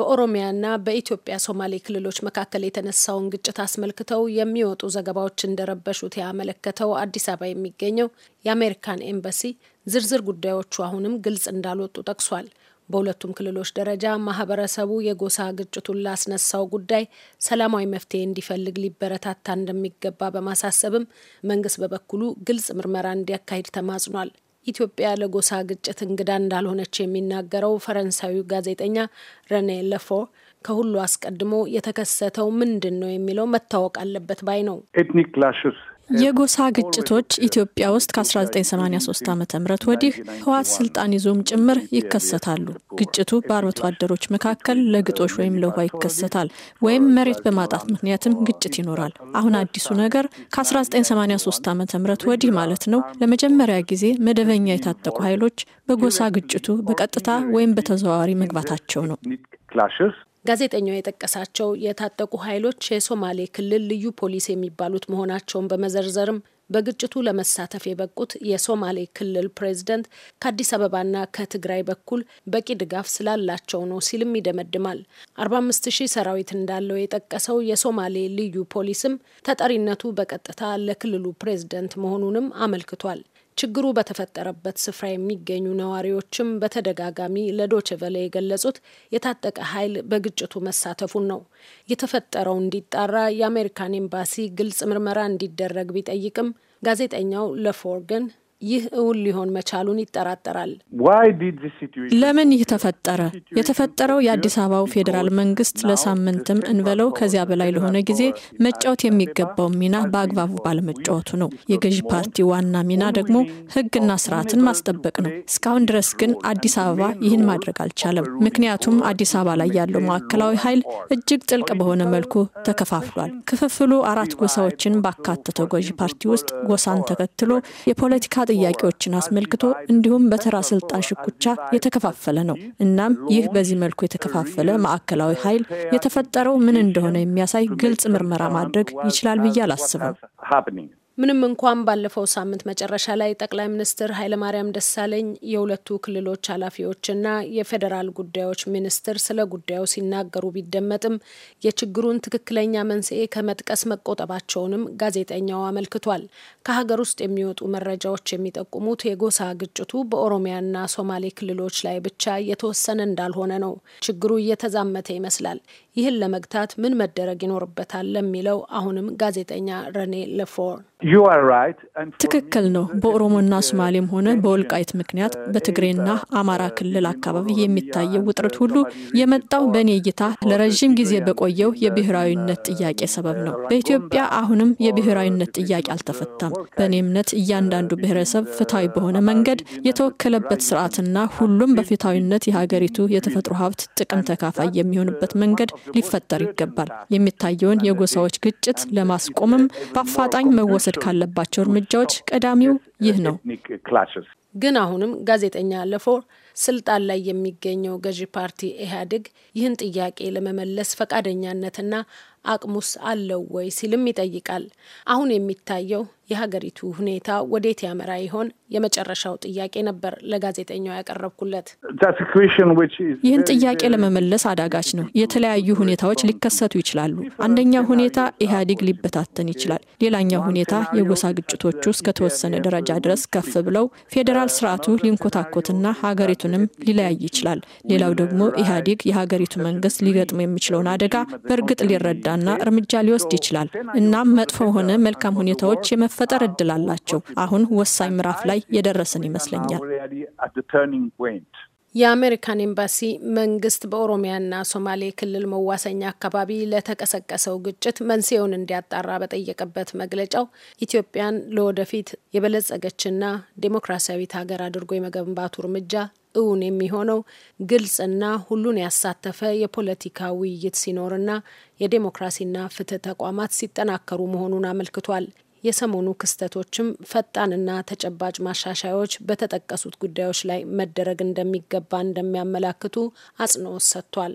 በኦሮሚያና በኢትዮጵያ ሶማሌ ክልሎች መካከል የተነሳውን ግጭት አስመልክተው የሚወጡ ዘገባዎች እንደረበሹት ያመለከተው አዲስ አበባ የሚገኘው የአሜሪካን ኤምባሲ ዝርዝር ጉዳዮቹ አሁንም ግልጽ እንዳልወጡ ጠቅሷል። በሁለቱም ክልሎች ደረጃ ማህበረሰቡ የጎሳ ግጭቱን ላስነሳው ጉዳይ ሰላማዊ መፍትሄ እንዲፈልግ ሊበረታታ እንደሚገባ በማሳሰብም መንግስት በበኩሉ ግልጽ ምርመራ እንዲያካሂድ ተማጽኗል። ኢትዮጵያ ለጎሳ ግጭት እንግዳ እንዳልሆነች የሚናገረው ፈረንሳዊው ጋዜጠኛ ረኔ ለፎ ከሁሉ አስቀድሞ የተከሰተው ምንድን ነው የሚለው መታወቅ አለበት ባይ ነው። ኤትኒክ ክላሽስ የጎሳ ግጭቶች ኢትዮጵያ ውስጥ ከ1983 ዓ ም ወዲህ ህወሓት ስልጣን ይዞም ጭምር ይከሰታሉ። ግጭቱ በአርብቶ አደሮች መካከል ለግጦሽ ወይም ለውሃ ይከሰታል፣ ወይም መሬት በማጣት ምክንያትም ግጭት ይኖራል። አሁን አዲሱ ነገር ከ1983 ዓ ም ወዲህ ማለት ነው ለመጀመሪያ ጊዜ መደበኛ የታጠቁ ኃይሎች በጎሳ ግጭቱ በቀጥታ ወይም በተዘዋዋሪ መግባታቸው ነው። ጋዜጠኛው የጠቀሳቸው የታጠቁ ኃይሎች የሶማሌ ክልል ልዩ ፖሊስ የሚባሉት መሆናቸውን በመዘርዘርም በግጭቱ ለመሳተፍ የበቁት የሶማሌ ክልል ፕሬዝደንት ከአዲስ አበባና ከትግራይ በኩል በቂ ድጋፍ ስላላቸው ነው ሲልም ይደመድማል። 45 ሺህ ሰራዊት እንዳለው የጠቀሰው የሶማሌ ልዩ ፖሊስም ተጠሪነቱ በቀጥታ ለክልሉ ፕሬዝደንት መሆኑንም አመልክቷል። ችግሩ በተፈጠረበት ስፍራ የሚገኙ ነዋሪዎችም በተደጋጋሚ ለዶችቨለ የገለጹት የታጠቀ ኃይል በግጭቱ መሳተፉን ነው። የተፈጠረው እንዲጣራ የአሜሪካን ኤምባሲ ግልጽ ምርመራ እንዲደረግ ቢጠይቅም ጋዜጠኛው ለፎር ግን ይህ እውን ሊሆን መቻሉን ይጠራጠራል። ለምን ይህ ተፈጠረ? የተፈጠረው የአዲስ አበባው ፌዴራል መንግስት ለሳምንትም እንበለው ከዚያ በላይ ለሆነ ጊዜ መጫወት የሚገባው ሚና በአግባቡ ባለመጫወቱ ነው። የገዢ ፓርቲ ዋና ሚና ደግሞ ህግና ስርዓትን ማስጠበቅ ነው። እስካሁን ድረስ ግን አዲስ አበባ ይህን ማድረግ አልቻለም። ምክንያቱም አዲስ አበባ ላይ ያለው ማዕከላዊ ኃይል እጅግ ጥልቅ በሆነ መልኩ ተከፋፍሏል። ክፍፍሉ አራት ጎሳዎችን ባካተተው ገዢ ፓርቲ ውስጥ ጎሳን ተከትሎ የፖለቲካ ጥያቄዎችን አስመልክቶ እንዲሁም በተራ ስልጣን ሽኩቻ የተከፋፈለ ነው። እናም ይህ በዚህ መልኩ የተከፋፈለ ማዕከላዊ ኃይል የተፈጠረው ምን እንደሆነ የሚያሳይ ግልጽ ምርመራ ማድረግ ይችላል ብዬ አላስብም። ምንም እንኳን ባለፈው ሳምንት መጨረሻ ላይ ጠቅላይ ሚኒስትር ኃይለማርያም ደሳለኝ የሁለቱ ክልሎች ኃላፊዎችና የፌዴራል ጉዳዮች ሚኒስትር ስለ ጉዳዩ ሲናገሩ ቢደመጥም የችግሩን ትክክለኛ መንስኤ ከመጥቀስ መቆጠባቸውንም ጋዜጠኛው አመልክቷል። ከሀገር ውስጥ የሚወጡ መረጃዎች የሚጠቁሙት የጎሳ ግጭቱ በኦሮሚያና ሶማሌ ክልሎች ላይ ብቻ የተወሰነ እንዳልሆነ ነው። ችግሩ እየተዛመተ ይመስላል። ይህን ለመግታት ምን መደረግ ይኖርበታል ለሚለው አሁንም ጋዜጠኛ ረኔ ለፎር ትክክል ነው። በኦሮሞና ሶማሌም ሆነ በወልቃይት ምክንያት በትግሬና አማራ ክልል አካባቢ የሚታየው ውጥረት ሁሉ የመጣው በእኔ እይታ ለረዥም ጊዜ በቆየው የብሔራዊነት uh, ጥያቄ ሰበብ ነው። uh, በኢትዮጵያ አሁንም የብሔራዊነት ጥያቄ አልተፈታም። በእኔ እምነት እያንዳንዱ uh, ብሔረሰብ ፍትሐዊ በሆነ መንገድ የተወከለበት ስርዓትና ሁሉም በፍትሐዊነት የሀገሪቱ የተፈጥሮ ሀብት ጥቅም ተካፋይ የሚሆንበት መንገድ ሊፈጠር ይገባል። የሚታየውን የጎሳዎች ግጭት ለማስቆምም በአፋጣኝ መወሰድ መወሰድ ካለባቸው እርምጃዎች ቀዳሚው ይህ ነው። ግን አሁንም ጋዜጠኛ ለፎር ስልጣን ላይ የሚገኘው ገዢ ፓርቲ ኢህአዴግ ይህን ጥያቄ ለመመለስ ፈቃደኛነትና አቅሙስ አለው ወይ ሲልም ይጠይቃል። አሁን የሚታየው የሀገሪቱ ሁኔታ ወዴት ያመራ ይሆን? የመጨረሻው ጥያቄ ነበር ለጋዜጠኛው ያቀረብኩለት። ይህን ጥያቄ ለመመለስ አዳጋች ነው። የተለያዩ ሁኔታዎች ሊከሰቱ ይችላሉ። አንደኛው ሁኔታ ኢህአዴግ ሊበታተን ይችላል። ሌላኛው ሁኔታ የጎሳ ግጭቶቹ እስከተወሰነ ደረጃ ድረስ ከፍ ብለው ፌዴራል ስርዓቱ ሊንኮታኮትና ሀገሪቱ ሁለቱንም ሊለያይ ይችላል። ሌላው ደግሞ ኢህአዴግ የሀገሪቱ መንግስት ሊገጥሙ የሚችለውን አደጋ በእርግጥ ሊረዳና እርምጃ ሊወስድ ይችላል። እናም መጥፎ ሆነ መልካም ሁኔታዎች የመፈጠር እድል አላቸው። አሁን ወሳኝ ምዕራፍ ላይ የደረስን ይመስለኛል። የአሜሪካን ኤምባሲ መንግስት በኦሮሚያና ሶማሌ ክልል መዋሰኛ አካባቢ ለተቀሰቀሰው ግጭት መንስኤውን እንዲያጣራ በጠየቀበት መግለጫው ኢትዮጵያን ለወደፊት የበለጸገችና ዴሞክራሲያዊት ሀገር አድርጎ የመገንባቱ እርምጃ እውን የሚሆነው ግልጽና ሁሉን ያሳተፈ የፖለቲካ ውይይት ሲኖርና የዴሞክራሲና ፍትህ ተቋማት ሲጠናከሩ መሆኑን አመልክቷል። የሰሞኑ ክስተቶችም ፈጣንና ተጨባጭ ማሻሻያዎች በተጠቀሱት ጉዳዮች ላይ መደረግ እንደሚገባ እንደሚያመላክቱ አጽንኦት ሰጥቷል።